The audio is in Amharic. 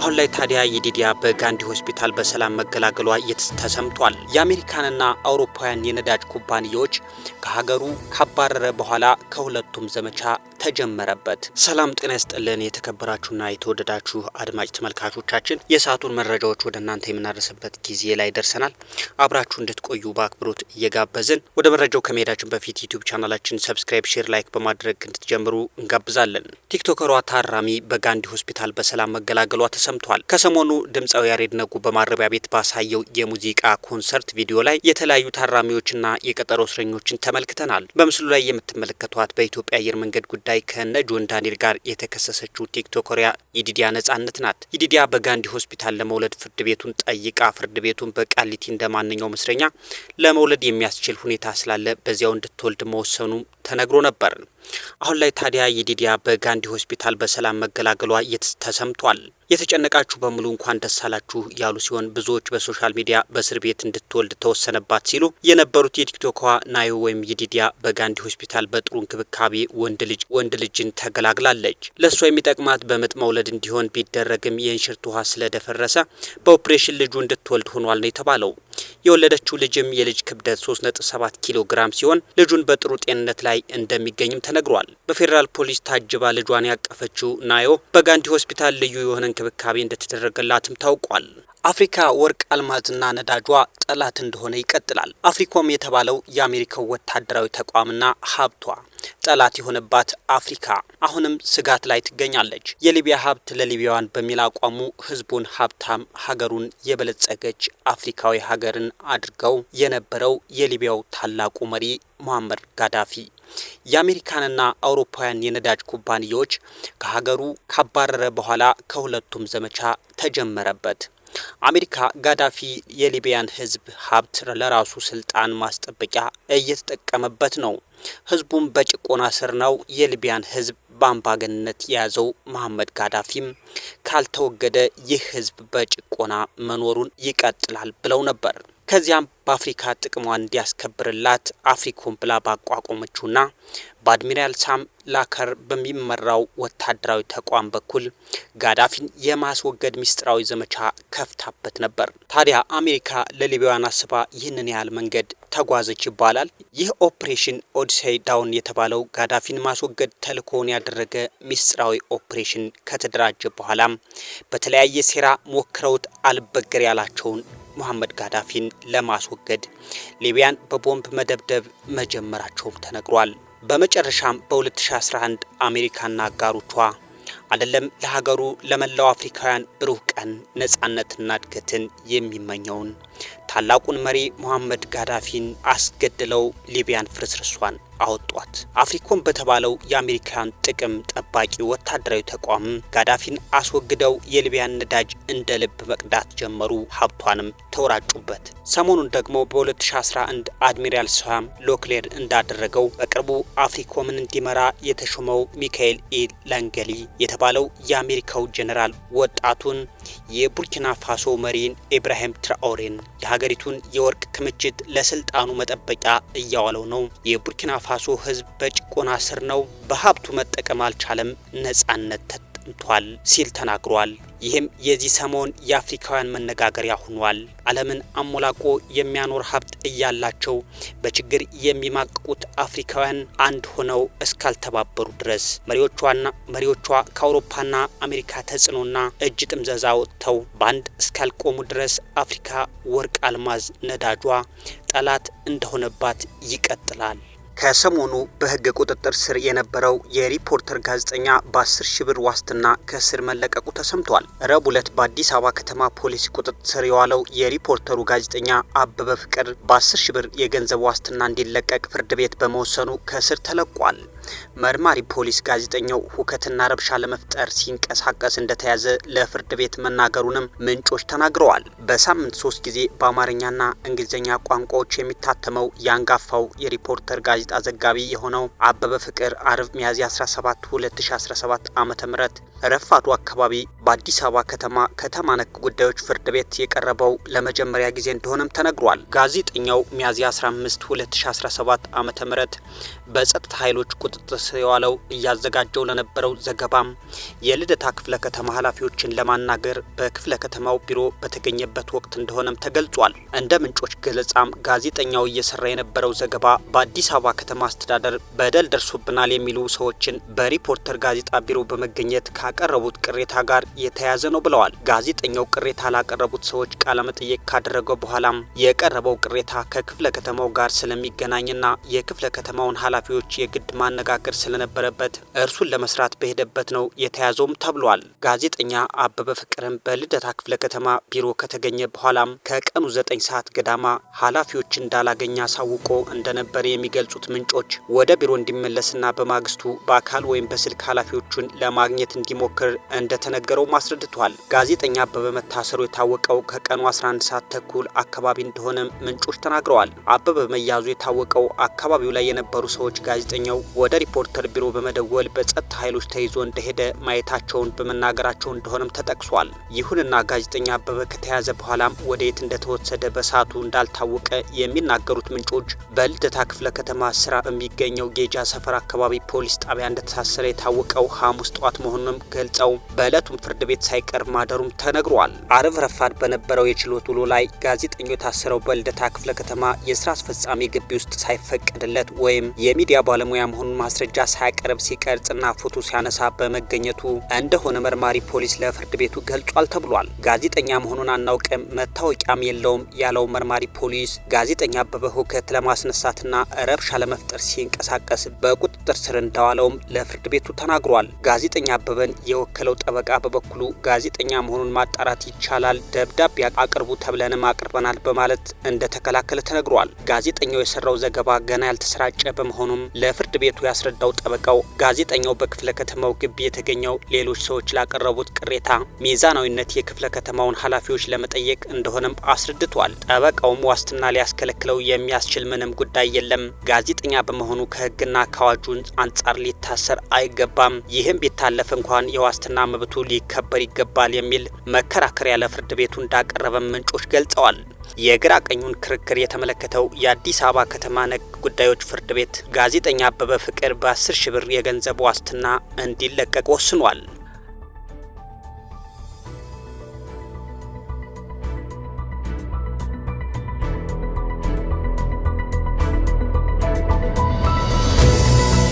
አሁን ላይ ታዲያ የዲዲያ በጋንዲ ሆስፒታል በሰላም መገላገሏ ተሰምቷል። የአሜሪካንና አውሮፓውያን የነዳጅ ኩባንያዎች ከሀገሩ ካባረረ በኋላ ከሁለቱም ዘመቻ ተጀመረበት። ሰላም ጤና ይስጥልን። የተከበራችሁና የተወደዳችሁ አድማጭ ተመልካቾቻችን የሰዓቱን መረጃዎች ወደ እናንተ የምናደርስበት ጊዜ ላይ ደርሰናል። አብራችሁ እንድትቆዩ በአክብሮት እየጋበዝን ወደ መረጃው ከመሄዳችን በፊት ዩቲዩብ ቻናላችን ሰብስክራይብ፣ ሼር፣ ላይክ በማድረግ እንድትጀምሩ እንጋብዛለን። ቲክቶከሯ ታራሚ በጋንዲ ሆስፒታል በሰላም መገላገሏ ተሰምቷል። ተሰምቷል። ከሰሞኑ ድምፃዊ ያሬድ ነጉ በማረቢያ ቤት ባሳየው የሙዚቃ ኮንሰርት ቪዲዮ ላይ የተለያዩ ታራሚዎችና የቀጠሮ እስረኞችን ተመልክተናል። በምስሉ ላይ የምትመለከቷት በኢትዮጵያ አየር መንገድ ጉዳይ ከነ ጆን ዳንኤል ጋር የተከሰሰችው ቲክቶከሪያ ይዲዲያ ነጻነት ናት። ይዲዲያ በጋንዲ ሆስፒታል ለመውለድ ፍርድ ቤቱን ጠይቃ ፍርድ ቤቱን በቃሊቲ እንደ ማንኛውም እስረኛ ለመውለድ የሚያስችል ሁኔታ ስላለ በዚያው እንድትወልድ መወሰኑ ተነግሮ ነበር። አሁን ላይ ታዲያ ይዲዲያ በጋንዲ ሆስፒታል በሰላም መገላገሏ ተሰምቷል። የተጨነቃችሁ በሙሉ እንኳን ደስ አላችሁ ያሉ ሲሆን ብዙዎች በሶሻል ሚዲያ በእስር ቤት እንድትወልድ ተወሰነባት ሲሉ የነበሩት የቲክቶክዋ ናዮ ወይም ይዲዲያ በጋንዲ ሆስፒታል በጥሩ እንክብካቤ ወንድ ልጅ ወንድ ልጅን ተገላግላለች። ለእሷ የሚጠቅማት በምጥ መውለድ እንዲሆን ቢደረግም የእንሽርት ውሃ ስለደፈረሰ በኦፕሬሽን ልጁ እንድትወልድ ሆኗል ነው የተባለው። የወለደችው ልጅም የልጅ ክብደት 3.7 ኪሎ ግራም ሲሆን ልጁን በጥሩ ጤንነት ላይ እንደሚገኝም ተነግሯል። በፌዴራል ፖሊስ ታጅባ ልጇን ያቀፈችው ናዮ በጋንዲ ሆስፒታል ልዩ የሆነ እንክብካቤ እንደተደረገላትም ታውቋል። አፍሪካ ወርቅ አልማዝና ነዳጇ ጠላት እንደሆነ ይቀጥላል። አፍሪኮም የተባለው የአሜሪካው ወታደራዊ ተቋምና ሀብቷ ጠላት የሆነባት አፍሪካ አሁንም ስጋት ላይ ትገኛለች። የሊቢያ ሀብት ለሊቢያዋን በሚል አቋሙ ህዝቡን ሀብታም፣ ሀገሩን የበለጸገች አፍሪካዊ ሀገርን አድርገው የነበረው የሊቢያው ታላቁ መሪ ሙአመር ጋዳፊ የአሜሪካንና አውሮፓውያን የነዳጅ ኩባንያዎች ከሀገሩ ካባረረ በኋላ ከሁለቱም ዘመቻ ተጀመረበት። አሜሪካ ጋዳፊ የሊቢያን ህዝብ ሀብት ለራሱ ስልጣን ማስጠበቂያ እየተጠቀመበት ነው። ህዝቡም በጭቆና ስር ነው። የሊቢያን ህዝብ በአምባገንነት የያዘው መሐመድ ጋዳፊም ካልተወገደ ይህ ህዝብ በጭቆና መኖሩን ይቀጥላል ብለው ነበር። ከዚያም በአፍሪካ ጥቅሟን እንዲያስከብርላት አፍሪኮን ብላ ባቋቋመችውና በአድሚራል ሳም ላከር በሚመራው ወታደራዊ ተቋም በኩል ጋዳፊን የማስወገድ ሚስጥራዊ ዘመቻ ከፍታበት ነበር። ታዲያ አሜሪካ ለሊቢያውያን አስባ ይህንን ያህል መንገድ ተጓዘች ይባላል። ይህ ኦፕሬሽን ኦዲሴይ ዳውን የተባለው ጋዳፊን ማስወገድ ተልእኮውን ያደረገ ሚስጥራዊ ኦፕሬሽን ከተደራጀ በኋላም በተለያየ ሴራ ሞክረውት አልበገር ያላቸውን ሙሐመድ ጋዳፊን ለማስወገድ ሊቢያን በቦምብ መደብደብ መጀመራቸውም ተነግሯል። በመጨረሻም በ2011 አሜሪካና አጋሮቿ አይደለም ለሀገሩ ለመላው አፍሪካውያን ብሩህ ቀን ነጻነትና እድገትን የሚመኘውን ታላቁን መሪ ሞሐመድ ጋዳፊን አስገድለው ሊቢያን ፍርስርሷን አወጧት። አፍሪኮም በተባለው የአሜሪካን ጥቅም ጠባቂ ወታደራዊ ተቋም ጋዳፊን አስወግደው የሊቢያን ነዳጅ እንደ ልብ መቅዳት ጀመሩ። ሀብቷንም ተወራጩበት። ሰሞኑን ደግሞ በ2011 አድሚራል ሳም ሎክሌር እንዳደረገው በቅርቡ አፍሪኮምን እንዲመራ የተሾመው ሚካኤል ኢ ላንገሊ የተባለው የአሜሪካው ጄኔራል ወጣቱን የቡርኪና ፋሶ መሪን ኢብራሂም ትራኦሬን የሀገሪቱን የወርቅ ክምችት ለስልጣኑ መጠበቂያ እያዋለው ነው። የቡርኪና ፋሶ ህዝብ በጭቆና ስር ነው፣ በሀብቱ መጠቀም አልቻለም፣ ነጻነት ተጠምቷል ሲል ተናግሯል። ይህም የዚህ ሰሞን የአፍሪካውያን መነጋገሪያ ሆኗል። ዓለምን አሞላቆ የሚያኖር ሀብት እያላቸው በችግር የሚማቅቁት አፍሪካውያን አንድ ሆነው እስካልተባበሩ ድረስ መሪዎቿና መሪዎቿ ከአውሮፓና አሜሪካ ተጽዕኖና እጅ ጥምዘዛ ወጥተው በአንድ እስካልቆሙ ድረስ አፍሪካ ወርቅ፣ አልማዝ፣ ነዳጇ ጠላት እንደሆነባት ይቀጥላል። ከሰሞኑ በሕግ ቁጥጥር ስር የነበረው የሪፖርተር ጋዜጠኛ በ10 ሺህ ብር ዋስትና ከእስር መለቀቁ ተሰምቷል። ረቡዕ ዕለት በአዲስ አበባ ከተማ ፖሊስ ቁጥጥር ስር የዋለው የሪፖርተሩ ጋዜጠኛ አበበ ፍቅር በ10 ሺህ ብር የገንዘብ ዋስትና እንዲለቀቅ ፍርድ ቤት በመወሰኑ ከእስር ተለቋል። መርማሪ ፖሊስ ጋዜጠኛው ሁከትና ረብሻ ለመፍጠር ሲንቀሳቀስ እንደተያዘ ለፍርድ ቤት መናገሩንም ምንጮች ተናግረዋል። በሳምንት ሶስት ጊዜ በአማርኛና እንግሊዝኛ ቋንቋዎች የሚታተመው የአንጋፋው የሪፖርተር ጋዜ ጋዜጣ ዘጋቢ የሆነው አበበ ፍቅር አርብ ሚያዝያ 17 2017 ዓ.ም ረፋዱ አካባቢ በአዲስ አበባ ከተማ ከተማ ነክ ጉዳዮች ፍርድ ቤት የቀረበው ለመጀመሪያ ጊዜ እንደሆነም ተነግሯል። ጋዜጠኛው ሚያዝያ 15 2017 ዓ ም በጸጥታ ኃይሎች ቁጥጥር ስር የዋለው እያዘጋጀው ለነበረው ዘገባም የልደታ ክፍለ ከተማ ኃላፊዎችን ለማናገር በክፍለ ከተማው ቢሮ በተገኘበት ወቅት እንደሆነም ተገልጿል። እንደ ምንጮች ገለጻም ጋዜጠኛው እየሰራ የነበረው ዘገባ በአዲስ አበባ ከተማ አስተዳደር በደል ደርሶብናል የሚሉ ሰዎችን በሪፖርተር ጋዜጣ ቢሮ በመገኘት ካቀረቡት ቅሬታ ጋር የተያዘ ነው ብለዋል። ጋዜጠኛው ቅሬታ ላቀረቡት ሰዎች ቃለመጠየቅ ካደረገው በኋላም የቀረበው ቅሬታ ከክፍለ ከተማው ጋር ስለሚገናኝና የክፍለ ከተማውን ኃላፊዎች የግድ ማነጋገር ስለነበረበት እርሱን ለመስራት በሄደበት ነው የተያዘውም ተብሏል። ጋዜጠኛ አበበ ፍቅርም በልደታ ክፍለ ከተማ ቢሮ ከተገኘ በኋላም ከቀኑ ዘጠኝ ሰዓት ገዳማ ኃላፊዎች እንዳላገኘ አሳውቆ እንደነበረ የሚገልጹት ምንጮች ወደ ቢሮ እንዲመለስና በማግስቱ በአካል ወይም በስልክ ኃላፊዎቹን ለማግኘት እንዲሞክር እንደተነገረው በመግለጫው አስረድቷል። ጋዜጠኛ አበበ መታሰሩ የታወቀው ከቀኑ 11 ሰዓት ተኩል አካባቢ እንደሆነ ምንጮች ተናግረዋል። አበበ መያዙ የታወቀው አካባቢው ላይ የነበሩ ሰዎች ጋዜጠኛው ወደ ሪፖርተር ቢሮ በመደወል በጸጥታ ኃይሎች ተይዞ እንደሄደ ማየታቸውን በመናገራቸው እንደሆነም ተጠቅሷል። ይሁንና ጋዜጠኛ አበበ ከተያዘ በኋላም ወደ የት እንደተወሰደ በሰዓቱ እንዳልታወቀ የሚናገሩት ምንጮች በልደታ ክፍለ ከተማ ስራ በሚገኘው ጌጃ ሰፈር አካባቢ ፖሊስ ጣቢያ እንደተሳሰረ የታወቀው ሐሙስ ጠዋት መሆኑንም ገልጸው በዕለቱም ፍርድ ፍርድ ቤት ሳይቀር ማደሩም ተነግሯል። አርብ ረፋድ በነበረው የችሎት ውሎ ላይ ጋዜጠኛው የታሰረው በልደታ ክፍለ ከተማ የስራ አስፈጻሚ ግቢ ውስጥ ሳይፈቀድለት ወይም የሚዲያ ባለሙያ መሆኑን ማስረጃ ሳያቀርብ ሲቀርጽና ፎቶ ሲያነሳ በመገኘቱ እንደሆነ መርማሪ ፖሊስ ለፍርድ ቤቱ ገልጿል ተብሏል። ጋዜጠኛ መሆኑን አናውቅም መታወቂያም የለውም ያለው መርማሪ ፖሊስ ጋዜጠኛ አበበ ሁከት ለማስነሳትና ረብሻ ለመፍጠር ሲንቀሳቀስ በቁጥጥር ስር እንደዋለውም ለፍርድ ቤቱ ተናግሯል። ጋዜጠኛ አበበን የወከለው ጠበቃ በበኩ በበኩሉ ጋዜጠኛ መሆኑን ማጣራት ይቻላል፣ ደብዳቤ አቅርቡ ተብለንም አቅርበናል በማለት እንደተከላከለ ተነግሯል። ጋዜጠኛው የሰራው ዘገባ ገና ያልተሰራጨ በመሆኑም ለፍርድ ቤቱ ያስረዳው ጠበቃው ጋዜጠኛው በክፍለ ከተማው ግቢ የተገኘው ሌሎች ሰዎች ላቀረቡት ቅሬታ ሚዛናዊነት የክፍለ ከተማውን ኃላፊዎች ለመጠየቅ እንደሆነም አስረድቷል። ጠበቃውም ዋስትና ሊያስከለክለው የሚያስችል ምንም ጉዳይ የለም፣ ጋዜጠኛ በመሆኑ ከሕግና ከአዋጁ አንጻር ሊታሰር አይገባም። ይህም ቢታለፍ እንኳን የዋስትና መብቱ ሊ ሊከበር ይገባል የሚል መከራከሪያ ለፍርድ ቤቱ እንዳቀረበ ምንጮች ገልጸዋል። የግራ ቀኙን ክርክር የተመለከተው የአዲስ አበባ ከተማ ነግ ጉዳዮች ፍርድ ቤት ጋዜጠኛ አበበ ፍቅር በ10 ሺ ብር የገንዘብ ዋስትና እንዲለቀቅ ወስኗል።